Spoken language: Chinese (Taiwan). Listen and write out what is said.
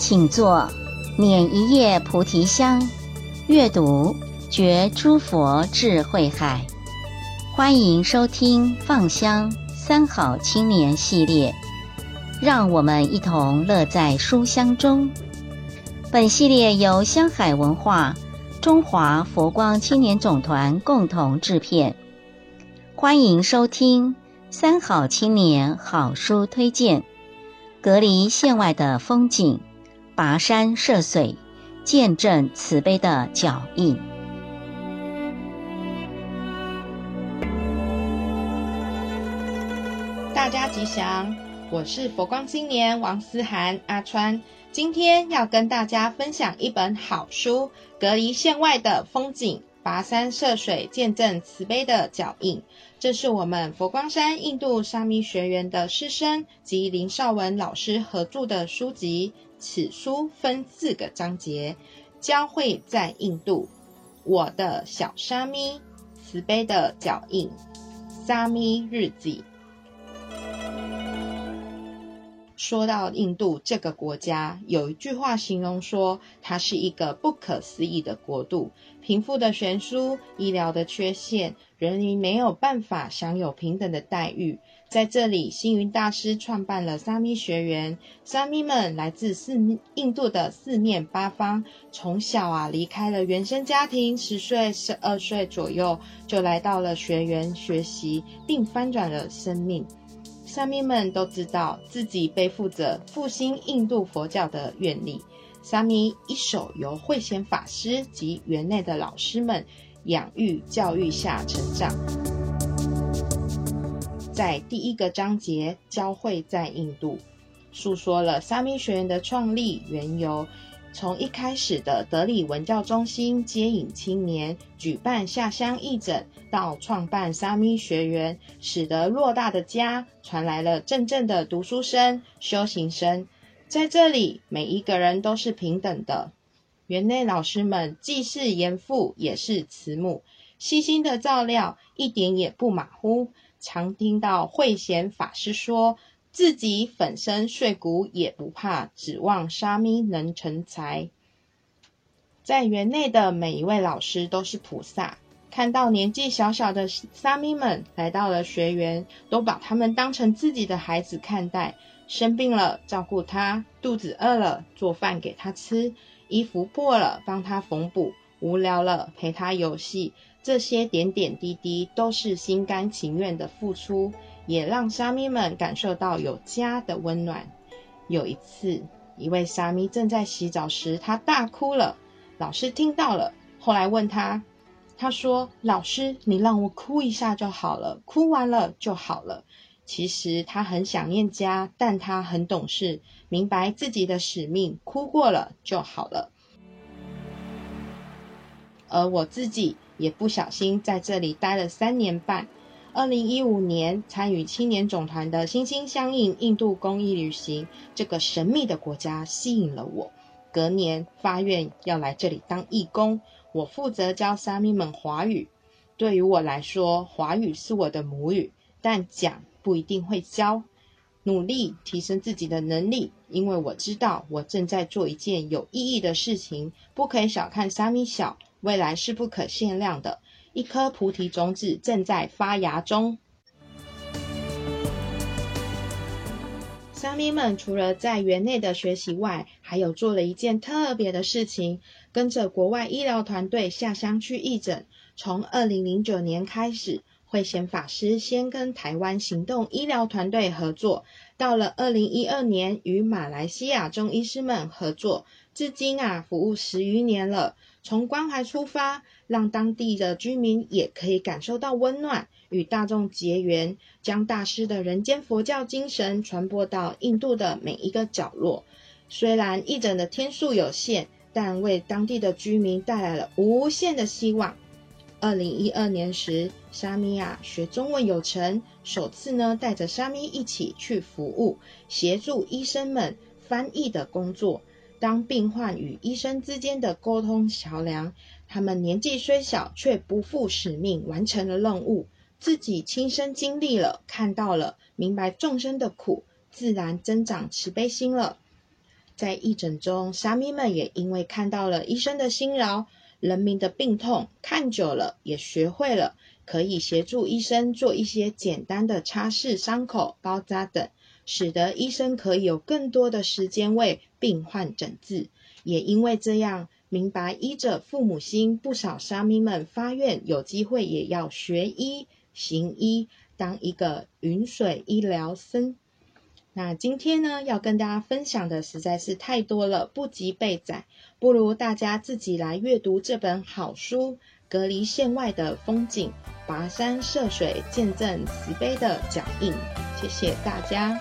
請坐，捻一葉菩提香，閱讀覺諸佛智慧海。歡迎收聽《放香三好青年》系列，讓我們一同樂在書香中。本系列由香海文化、中華佛光青年總團共同製片。歡迎收聽《三好青年好書推薦》：《隔離線外的風景》。跋山涉水，見證慈悲的腳印。大家吉祥，我是佛光青年王思涵阿川，今天要跟大家分享一本好書《隔離線外的風景》。跋山涉水，見證慈悲的腳印，這是我們佛光山印度沙彌學園的師生及林少文老師合著的書籍。此書分四個章節：教會在印度，我的小沙彌，慈悲的腳印，沙彌日記。說到印度這個國家，有一句話形容說，它是一個不可思議的國度，貧富的懸殊，醫療的缺陷，人民沒有辦法享有平等的待遇。在這裡，星雲大師創辦了沙彌學園。沙彌們來自四印度的四面八方，從小啊離開了原生家庭，十歲、十二歲左右就來到了學園學習，並翻轉了生命。沙彌們都知道自己背負着復興印度佛教的願力。沙彌一手由慧顯法師及園內的老師們養育教育下成長。在第一個章節交匯在印度，訴說了沙彌學園的創立緣由。從一開始的德裡文教中心接引青年，舉辦下鄉義診，到創辦沙彌學園，使得偌大的家傳來了陣陣的讀書聲、修行聲。在這裡，每一個人都是平等的。園內老師們既是嚴父，也是慈母，悉心的照料，一點也不馬虎。常聽到慧顯法師說自己粉身碎骨也不怕，指望沙彌能成才。在園內的每一位老師都是菩薩，看到年紀小小的沙彌們來到了學園，都把他們當成自己的孩子看待。生病了照顧他，肚子餓了做飯給他吃，衣服破了幫他縫補，無聊了陪他遊戲。這些點點滴滴都是心甘情願的付出，也讓沙彌們感受到有家的溫暖。有一次，一位沙彌正在洗澡時，他大哭了。老師聽到了，後來問他，他說：“老師，你讓我哭一下就好了，哭完了就好了。”其實他很想念家，但他很懂事，明白自己的使命，哭過了就好了。而我自己，也不小心在這裡待了三年半。二零一五年參與青年總團的“心心相印”印度公益旅行，這個神秘的國家吸引了我。隔年發願要來這裡當義工，我負責教沙彌們華語。對於我來說，華語是我的母語，但講不一定會教。努力提升自己的能力，因為我知道我正在做一件有意義的事情，不可以小看沙彌小，未來是不可限量的，一顆菩提種子正在發芽中。沙彌們除了在園內的學習外，還有做了一件特別的事情：跟着國外醫療團隊下鄉去義診。從二零零九年開始，慧顯法師先跟台灣行動醫療團隊合作，到了二零一二年，與馬來西亞中醫師們合作。至今啊，服務十餘年了。從關懷出發，讓當地的居民也可以感受到溫暖，與大眾結緣，將大師的人間佛教精神傳播到印度的每一個角落。雖然義診的天數有限，但為當地的居民帶來了無限的希望。二零一二年時，沙彌啊學中文有成，首次呢帶着沙彌一起去服務，協助醫生們翻譯的工作。當病患與醫生之間的溝通橋梁，他們年紀雖小，卻不負使命，完成了任務，自己親身經歷了，看到了，明白眾生的苦，自然增長慈悲心了。在義診中，沙彌們也因為看到了醫生的辛勞、人民的病痛，看久了也學會了，可以協助醫生做一些簡單的擦拭傷口、包紮等，使得醫生可以有更多的時間為。病患診治，也因為這樣，明白醫者父母心，不少沙彌們發願，有機會也要學醫行醫，當一個雲水醫療僧。那今天呢，要跟大家分享的實在是太多了，不及備載，不如大家自己來閱讀這本好書《隔離線外的風景》，跋山涉水，見證慈悲的腳印。謝謝大家。